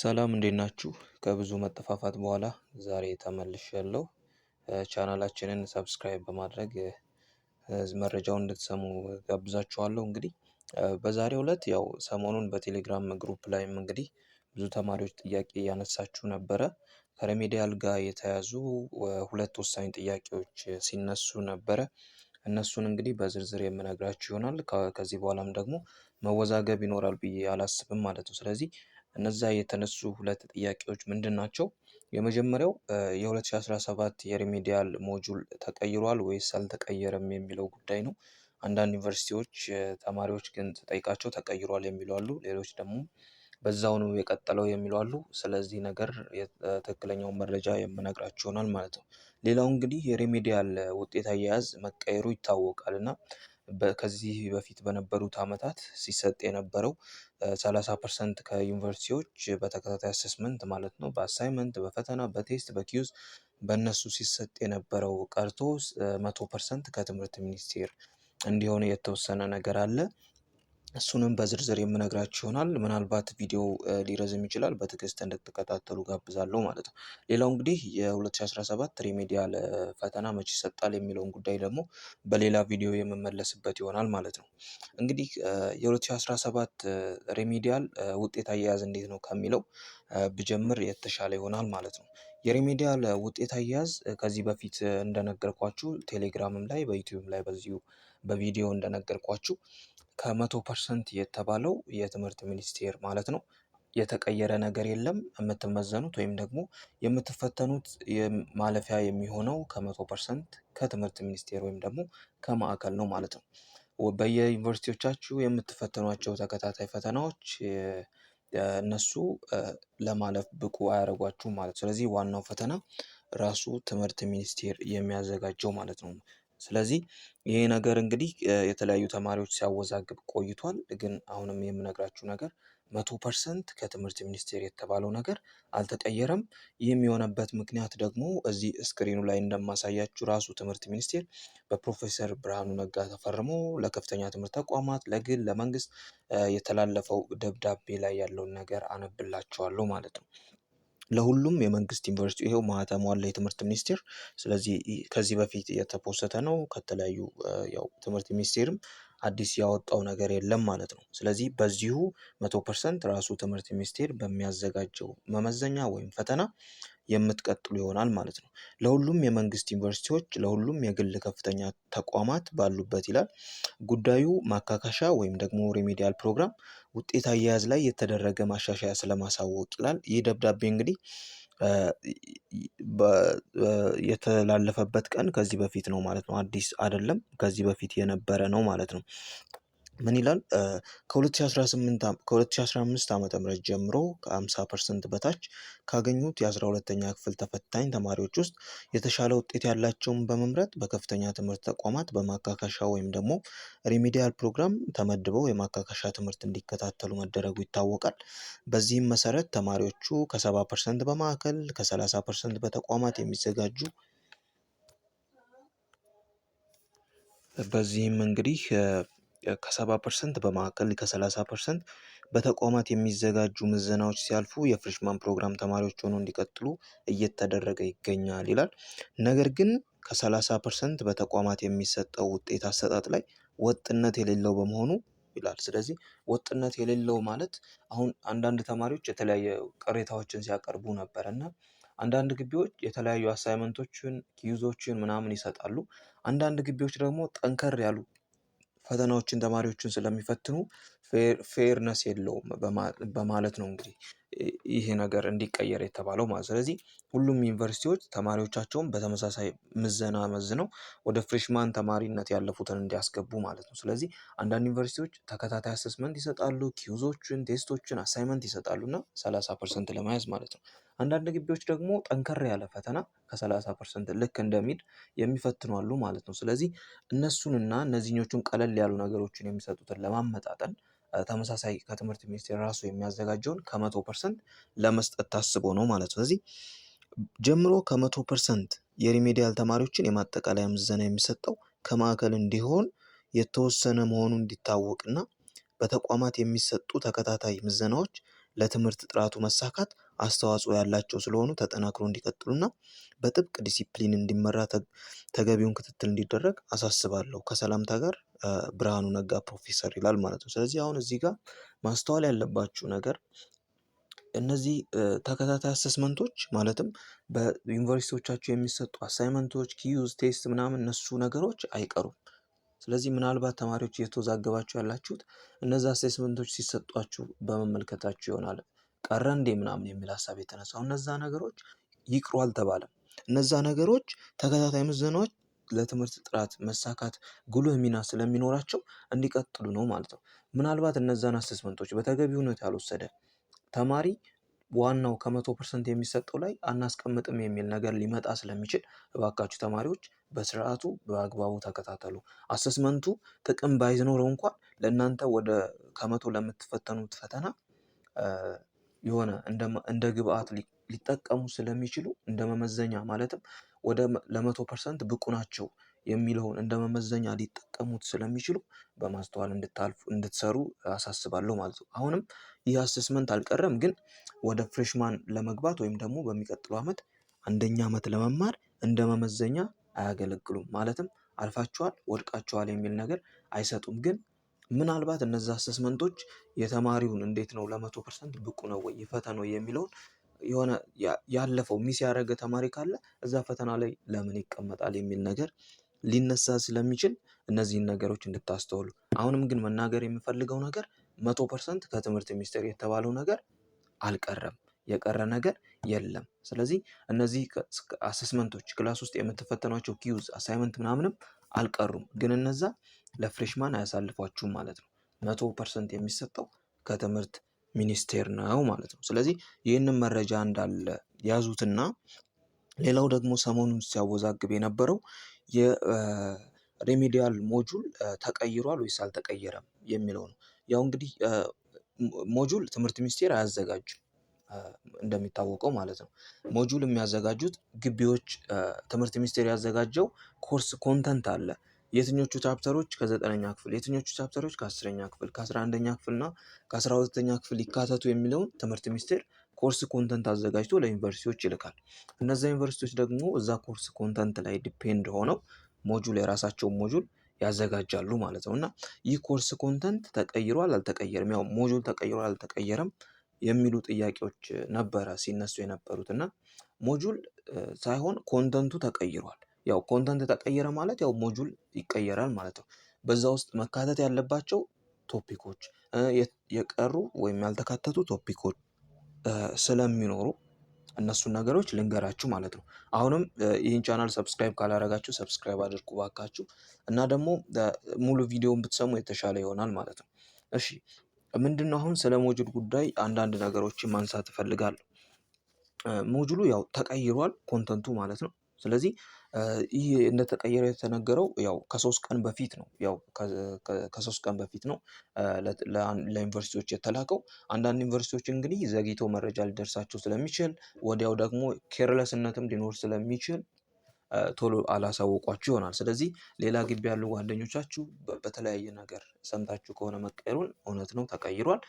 ሰላም እንዴት ናችሁ ከብዙ መጠፋፋት በኋላ ዛሬ ተመልሻለሁ። ቻናላችንን ሰብስክራይብ በማድረግ መረጃውን እንድትሰሙ ጋብዛችኋለሁ። እንግዲህ በዛሬው እለት ያው ሰሞኑን በቴሌግራም ግሩፕ ላይም እንግዲህ ብዙ ተማሪዎች ጥያቄ እያነሳችሁ ነበረ ከሪሚዲያል ጋር የተያዙ ሁለት ወሳኝ ጥያቄዎች ሲነሱ ነበረ። እነሱን እንግዲህ በዝርዝር የምነግራችሁ ይሆናል ከዚህ በኋላም ደግሞ መወዛገብ ይኖራል ብዬ አላስብም ማለት ነው። ስለዚህ እነዛ የተነሱ ሁለት ጥያቄዎች ምንድን ናቸው? የመጀመሪያው የ2017 የሪሜዲያል ሞጁል ተቀይሯል ወይስ አልተቀየረም የሚለው ጉዳይ ነው። አንዳንድ ዩኒቨርሲቲዎች ተማሪዎች ግን ተጠይቃቸው ተቀይሯል የሚሉ አሉ። ሌሎች ደግሞ በዛው ነው የቀጠለው የሚሉ አሉ። ስለዚህ ነገር ትክክለኛውን መረጃ የምነግራችሁ ይሆናል ማለት ነው። ሌላው እንግዲህ የሪሜዲያል ውጤት አያያዝ መቀየሩ ይታወቃል እና ከዚህ በፊት በነበሩት ዓመታት ሲሰጥ የነበረው 30 ፐርሰንት ከዩኒቨርሲቲዎች በተከታታይ አሰስመንት ማለት ነው በአሳይመንት በፈተና በቴስት በኪዩዝ በእነሱ ሲሰጥ የነበረው ቀርቶ መቶ ፐርሰንት ከትምህርት ሚኒስቴር እንዲሆን የተወሰነ ነገር አለ እሱንም በዝርዝር የምነግራችሁ ይሆናል። ምናልባት ቪዲዮ ሊረዝም ይችላል፣ በትዕግስት እንድትከታተሉ ጋብዛለሁ ማለት ነው። ሌላው እንግዲህ የ2017 ሪሜዲያል ፈተና መቼ ይሰጣል የሚለውን ጉዳይ ደግሞ በሌላ ቪዲዮ የምመለስበት ይሆናል ማለት ነው። እንግዲህ የ2017 ሪሜዲያል ውጤት አያያዝ እንዴት ነው ከሚለው ብጀምር የተሻለ ይሆናል ማለት ነው። የሪሜዲያል ውጤት አያያዝ ከዚህ በፊት እንደነገርኳችሁ ቴሌግራምም ላይ በዩትዩብ ላይ በዚሁ በቪዲዮ እንደነገርኳችሁ ከመቶ ፐርሰንት የተባለው የትምህርት ሚኒስቴር ማለት ነው። የተቀየረ ነገር የለም። የምትመዘኑት ወይም ደግሞ የምትፈተኑት ማለፊያ የሚሆነው ከመቶ ፐርሰንት ከትምህርት ሚኒስቴር ወይም ደግሞ ከማዕከል ነው ማለት ነው። በየዩኒቨርሲቲዎቻችሁ የምትፈተኗቸው ተከታታይ ፈተናዎች እነሱ ለማለፍ ብቁ አያደርጓችሁም ማለት ስለዚህ ዋናው ፈተና ራሱ ትምህርት ሚኒስቴር የሚያዘጋጀው ማለት ነው። ስለዚህ ይሄ ነገር እንግዲህ የተለያዩ ተማሪዎች ሲያወዛግብ ቆይቷል። ግን አሁንም የምነግራችሁ ነገር መቶ ፐርሰንት ከትምህርት ሚኒስቴር የተባለው ነገር አልተቀየረም። ይህም የሆነበት ምክንያት ደግሞ እዚህ እስክሪኑ ላይ እንደማሳያችሁ ራሱ ትምህርት ሚኒስቴር በፕሮፌሰር ብርሃኑ ነጋ ተፈርሞ ለከፍተኛ ትምህርት ተቋማት፣ ለግል፣ ለመንግስት የተላለፈው ደብዳቤ ላይ ያለውን ነገር አነብላችኋለሁ ማለት ነው። ለሁሉም የመንግስት ዩኒቨርሲቲ ይሄው ማህተሙ አለ የትምህርት ሚኒስቴር። ስለዚህ ከዚህ በፊት የተፖሰተ ነው። ከተለያዩ ያው ትምህርት ሚኒስቴርም አዲስ ያወጣው ነገር የለም ማለት ነው። ስለዚህ በዚሁ መቶ ፐርሰንት ራሱ ትምህርት ሚኒስቴር በሚያዘጋጀው መመዘኛ ወይም ፈተና የምትቀጥሉ ይሆናል ማለት ነው። ለሁሉም የመንግስት ዩኒቨርሲቲዎች ለሁሉም የግል ከፍተኛ ተቋማት ባሉበት ይላል ጉዳዩ ማካካሻ ወይም ደግሞ ሪሚዲያል ፕሮግራም ውጤት አያያዝ ላይ የተደረገ ማሻሻያ ስለማሳወቅ ይላል። ይህ ደብዳቤ እንግዲህ የተላለፈበት ቀን ከዚህ በፊት ነው ማለት ነው። አዲስ አይደለም ከዚህ በፊት የነበረ ነው ማለት ነው። ምን ይላል? ከ2018 2015 ጀምሮ ከ50 ፐርሰንት በታች ካገኙት የ12ተኛ ክፍል ተፈታኝ ተማሪዎች ውስጥ የተሻለ ውጤት ያላቸውን በመምረጥ በከፍተኛ ትምህርት ተቋማት በማካካሻ ወይም ደግሞ ሪሚዲያል ፕሮግራም ተመድበው የማካካሻ ትምህርት እንዲከታተሉ መደረጉ ይታወቃል። በዚህም መሰረት ተማሪዎቹ ከ70 ፐርሰንት በማዕከል ከ30 ፐርሰንት በተቋማት የሚዘጋጁ በዚህም እንግዲህ ከሰባ ፐርሰንት በማዕከል ከሰላሳ ፐርሰንት በተቋማት የሚዘጋጁ ምዘናዎች ሲያልፉ የፍሬሽማን ፕሮግራም ተማሪዎች ሆኖ እንዲቀጥሉ እየተደረገ ይገኛል ይላል። ነገር ግን ከሰላሳ ፐርሰንት በተቋማት የሚሰጠው ውጤት አሰጣጥ ላይ ወጥነት የሌለው በመሆኑ ይላል። ስለዚህ ወጥነት የሌለው ማለት አሁን አንዳንድ ተማሪዎች የተለያየ ቅሬታዎችን ሲያቀርቡ ነበር እና አንዳንድ ግቢዎች የተለያዩ አሳይመንቶችን ኪዩዞችን ምናምን ይሰጣሉ። አንዳንድ ግቢዎች ደግሞ ጠንከር ያሉ ፈተናዎችን ተማሪዎችን ስለሚፈትኑ ፌርነስ የለውም በማለት ነው እንግዲህ ይሄ ነገር እንዲቀየር የተባለው ማለት። ስለዚህ ሁሉም ዩኒቨርሲቲዎች ተማሪዎቻቸውን በተመሳሳይ ምዘና መዝነው ወደ ፍሬሽማን ተማሪነት ያለፉትን እንዲያስገቡ ማለት ነው። ስለዚህ አንዳንድ ዩኒቨርሲቲዎች ተከታታይ አሰስመንት ይሰጣሉ፣ ኪዩዞችን፣ ቴስቶችን፣ አሳይመንት ይሰጣሉ እና ሰላሳ ፐርሰንት ለመያዝ ማለት ነው። አንዳንድ ግቢዎች ደግሞ ጠንከር ያለ ፈተና ከሰላሳ ፐርሰንት ልክ እንደሚድ የሚፈትኑ አሉ ማለት ነው። ስለዚህ እነሱንና እነዚህኞቹን ቀለል ያሉ ነገሮችን የሚሰጡትን ለማመጣጠን ተመሳሳይ ከትምህርት ሚኒስቴር ራሱ የሚያዘጋጀውን ከመቶ ፐርሰንት ለመስጠት ታስቦ ነው ማለት ነው። ስለዚህ ጀምሮ ከመቶ ፐርሰንት የሪሜዲያል ተማሪዎችን የማጠቃለያ ምዘና የሚሰጠው ከማዕከል እንዲሆን የተወሰነ መሆኑ እንዲታወቅና በተቋማት የሚሰጡ ተከታታይ ምዘናዎች ለትምህርት ጥራቱ መሳካት አስተዋጽኦ ያላቸው ስለሆኑ ተጠናክሮ እንዲቀጥሉና በጥብቅ ዲሲፕሊን እንዲመራ ተገቢውን ክትትል እንዲደረግ አሳስባለሁ። ከሰላምታ ጋር ብርሃኑ ነጋ ፕሮፌሰር ይላል ማለት ነው። ስለዚህ አሁን እዚህ ጋር ማስተዋል ያለባችሁ ነገር እነዚህ ተከታታይ አሰስመንቶች ማለትም በዩኒቨርሲቲዎቻቸው የሚሰጡ አሳይመንቶች፣ ኪዩዝ፣ ቴስት ምናምን እነሱ ነገሮች አይቀሩም። ስለዚህ ምናልባት ተማሪዎች እየተወዛገባችሁ ያላችሁት እነዚ አሴስመንቶች ሲሰጧችሁ በመመልከታችሁ ይሆናል። ቀረ እንዴ ምናምን የሚል ሀሳብ የተነሳው እነዛ ነገሮች ይቅሩ አልተባለም። እነዛ ነገሮች ተከታታይ ምዘናዎች ለትምህርት ጥራት መሳካት ጉልህ ሚና ስለሚኖራቸው እንዲቀጥሉ ነው ማለት ነው። ምናልባት እነዛን አሰስመንቶች በተገቢ ሁኔታ ያልወሰደ ተማሪ ዋናው ከመቶ ፐርሰንት የሚሰጠው ላይ አናስቀምጥም የሚል ነገር ሊመጣ ስለሚችል እባካችሁ ተማሪዎች በስርዓቱ በአግባቡ ተከታተሉ። አሰስመንቱ ጥቅም ባይኖረው እንኳን ለእናንተ ወደ ከመቶ ለምትፈተኑት ፈተና የሆነ እንደ ግብአት ሊጠቀሙ ስለሚችሉ እንደ መመዘኛ ማለትም ወደ ለመቶ ፐርሰንት ብቁ ናቸው የሚለውን እንደ መመዘኛ ሊጠቀሙት ስለሚችሉ በማስተዋል እንድታልፉ እንድትሰሩ አሳስባለሁ ማለት ነው። አሁንም ይህ አስስመንት አልቀረም፣ ግን ወደ ፍሬሽማን ለመግባት ወይም ደግሞ በሚቀጥለው ዓመት አንደኛ ዓመት ለመማር እንደ መመዘኛ አያገለግሉም። ማለትም አልፋችኋል፣ ወድቃችኋል የሚል ነገር አይሰጡም ግን ምናልባት እነዛ አሰስመንቶች የተማሪውን እንዴት ነው ለመቶ ፐርሰንት ብቁ ነው ወይ ፈተናው የሚለውን የሆነ ያለፈው ሚስ ያደረገ ተማሪ ካለ እዛ ፈተና ላይ ለምን ይቀመጣል የሚል ነገር ሊነሳ ስለሚችል እነዚህን ነገሮች እንድታስተውሉ። አሁንም ግን መናገር የምፈልገው ነገር መቶ ፐርሰንት ከትምህርት ሚኒስቴር የተባለው ነገር አልቀረም፣ የቀረ ነገር የለም። ስለዚህ እነዚህ አሰስመንቶች ክላስ ውስጥ የምትፈተኗቸው ኪዩዝ፣ አሳይመንት ምናምንም አልቀሩም። ግን እነዛ ለፍሬሽማን አያሳልፏችሁም ማለት ነው። መቶ ፐርሰንት የሚሰጠው ከትምህርት ሚኒስቴር ነው ማለት ነው። ስለዚህ ይህንን መረጃ እንዳለ ያዙትና ሌላው ደግሞ ሰሞኑን ሲያወዛግብ የነበረው የሬሜዲያል ሞጁል ተቀይሯል ወይስ አልተቀየረም የሚለው ነው። ያው እንግዲህ ሞጁል ትምህርት ሚኒስቴር አያዘጋጅም እንደሚታወቀው ማለት ነው። ሞጁል የሚያዘጋጁት ግቢዎች ትምህርት ሚኒስቴር ያዘጋጀው ኮርስ ኮንተንት አለ። የትኞቹ ቻፕተሮች ከዘጠነኛ ክፍል የትኞቹ ቻፕተሮች ከአስረኛ ክፍል ከአስራ አንደኛ ክፍል እና ከአስራ ሁለተኛ ክፍል ይካተቱ የሚለውን ትምህርት ሚኒስቴር ኮርስ ኮንተንት አዘጋጅቶ ለዩኒቨርሲቲዎች ይልካል። እነዛ ዩኒቨርሲቲዎች ደግሞ እዛ ኮርስ ኮንተንት ላይ ዲፔንድ ሆነው ሞጁል የራሳቸውን ሞጁል ያዘጋጃሉ ማለት ነው። እና ይህ ኮርስ ኮንተንት ተቀይሯል አልተቀየርም፣ ያው ሞጁል ተቀይሯል አልተቀየረም የሚሉ ጥያቄዎች ነበረ ሲነሱ የነበሩት እና ሞጁል ሳይሆን ኮንተንቱ ተቀይሯል። ያው ኮንተንት ተቀየረ ማለት ያው ሞጁል ይቀየራል ማለት ነው። በዛ ውስጥ መካተት ያለባቸው ቶፒኮች የቀሩ ወይም ያልተካተቱ ቶፒኮች ስለሚኖሩ እነሱን ነገሮች ልንገራችሁ ማለት ነው። አሁንም ይህን ቻናል ሰብስክራይብ ካላረጋችሁ ሰብስክራይብ አድርጉ ባካችሁ እና ደግሞ ሙሉ ቪዲዮን ብትሰሙ የተሻለ ይሆናል ማለት ነው። እሺ ምንድነው አሁን ስለ ሞጁል ጉዳይ አንዳንድ ነገሮችን ማንሳት እፈልጋለሁ። ሞጁሉ ያው ተቀይሯል ኮንተንቱ ማለት ነው። ስለዚህ ይህ እንደተቀየረ የተነገረው ያው ከሶስት ቀን በፊት ነው። ያው ከሶስት ቀን በፊት ነው ለዩኒቨርሲቲዎች የተላከው። አንዳንድ ዩኒቨርሲቲዎች እንግዲህ ዘግይቶ መረጃ ሊደርሳቸው ስለሚችል ወዲያው ደግሞ ኬርለስነትም ሊኖር ስለሚችል ቶሎ አላሳወቋችሁ ይሆናል። ስለዚህ ሌላ ግቢ ያሉ ጓደኞቻችሁ በተለያየ ነገር ሰምታችሁ ከሆነ መቀየሩን እውነት ነው፣ ተቀይሯል።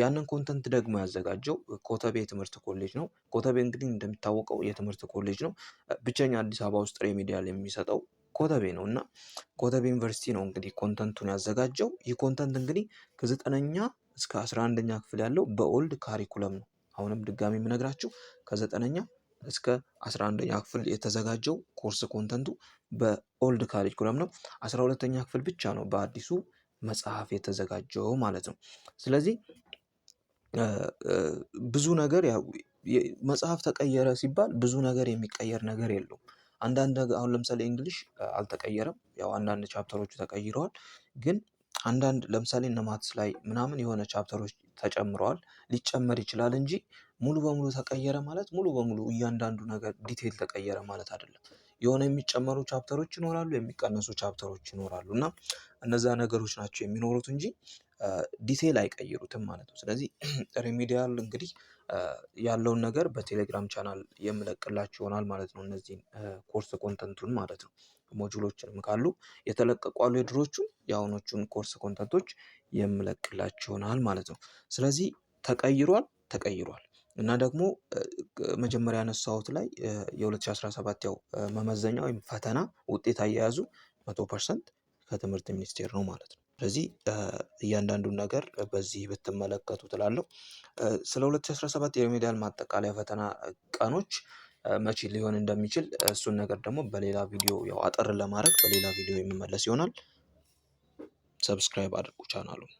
ያንን ኮንተንት ደግሞ ያዘጋጀው ኮተቤ የትምህርት ኮሌጅ ነው። ኮተቤ እንግዲህ እንደሚታወቀው የትምህርት ኮሌጅ ነው። ብቸኛ አዲስ አበባ ውስጥ ሪሚዲያል የሚሰጠው ኮተቤ ነው እና ኮተቤ ዩኒቨርሲቲ ነው እንግዲህ ኮንተንቱን ያዘጋጀው። ይህ ኮንተንት እንግዲህ ከዘጠነኛ እስከ አስራ አንደኛ ክፍል ያለው በኦልድ ካሪኩለም ነው። አሁንም ድጋሚ የምነግራችሁ ከዘጠነኛ እስከ 11ኛ ክፍል የተዘጋጀው ኮርስ ኮንተንቱ በኦልድ ካሪኩለም ነው። 12ኛ ክፍል ብቻ ነው በአዲሱ መጽሐፍ የተዘጋጀው ማለት ነው። ስለዚህ ብዙ ነገር መጽሐፍ ተቀየረ ሲባል ብዙ ነገር የሚቀየር ነገር የለውም። አንዳንድ አሁን ለምሳሌ እንግሊሽ አልተቀየረም። ያው አንዳንድ ቻፕተሮቹ ተቀይረዋል ግን አንዳንድ ለምሳሌ እነ ማትስ ላይ ምናምን የሆነ ቻፕተሮች ተጨምረዋል ሊጨመር ይችላል እንጂ ሙሉ በሙሉ ተቀየረ ማለት ሙሉ በሙሉ እያንዳንዱ ነገር ዲቴል ተቀየረ ማለት አይደለም። የሆነ የሚጨመሩ ቻፕተሮች ይኖራሉ የሚቀነሱ ቻፕተሮች ይኖራሉ እና እነዛ ነገሮች ናቸው የሚኖሩት እንጂ ዲቴል አይቀይሩትም ማለት ነው። ስለዚህ ሪሚዲያል እንግዲህ ያለውን ነገር በቴሌግራም ቻናል የምለቅላችሁ ይሆናል ማለት ነው። እነዚህን ኮርስ ኮንተንቱን ማለት ነው። ሞጁሎችንም ካሉ የተለቀቁ አሉ የድሮቹን የአሁኖቹን ኮርስ ኮንተንቶች የምለቅላችሁ ይሆናል ማለት ነው። ስለዚህ ተቀይሯል ተቀይሯል እና ደግሞ መጀመሪያ ያነሳሁት ላይ የ2017 ያው መመዘኛ ወይም ፈተና ውጤት አያያዙ መቶ ፐርሰንት ከትምህርት ሚኒስቴር ነው ማለት ነው። ስለዚህ እያንዳንዱን ነገር በዚህ ብትመለከቱ ትላለው። ስለ 2017 ሺህ ማጠቃለያ ፈተና ቀኖች መቼ ሊሆን እንደሚችል እሱን ነገር ደግሞ በሌላ ቪዲዮ ያው አጠር ለማድረግ በሌላ ቪዲዮ የሚመለስ ይሆናል። ሰብስክራይብ አድርጉ ቻናሉን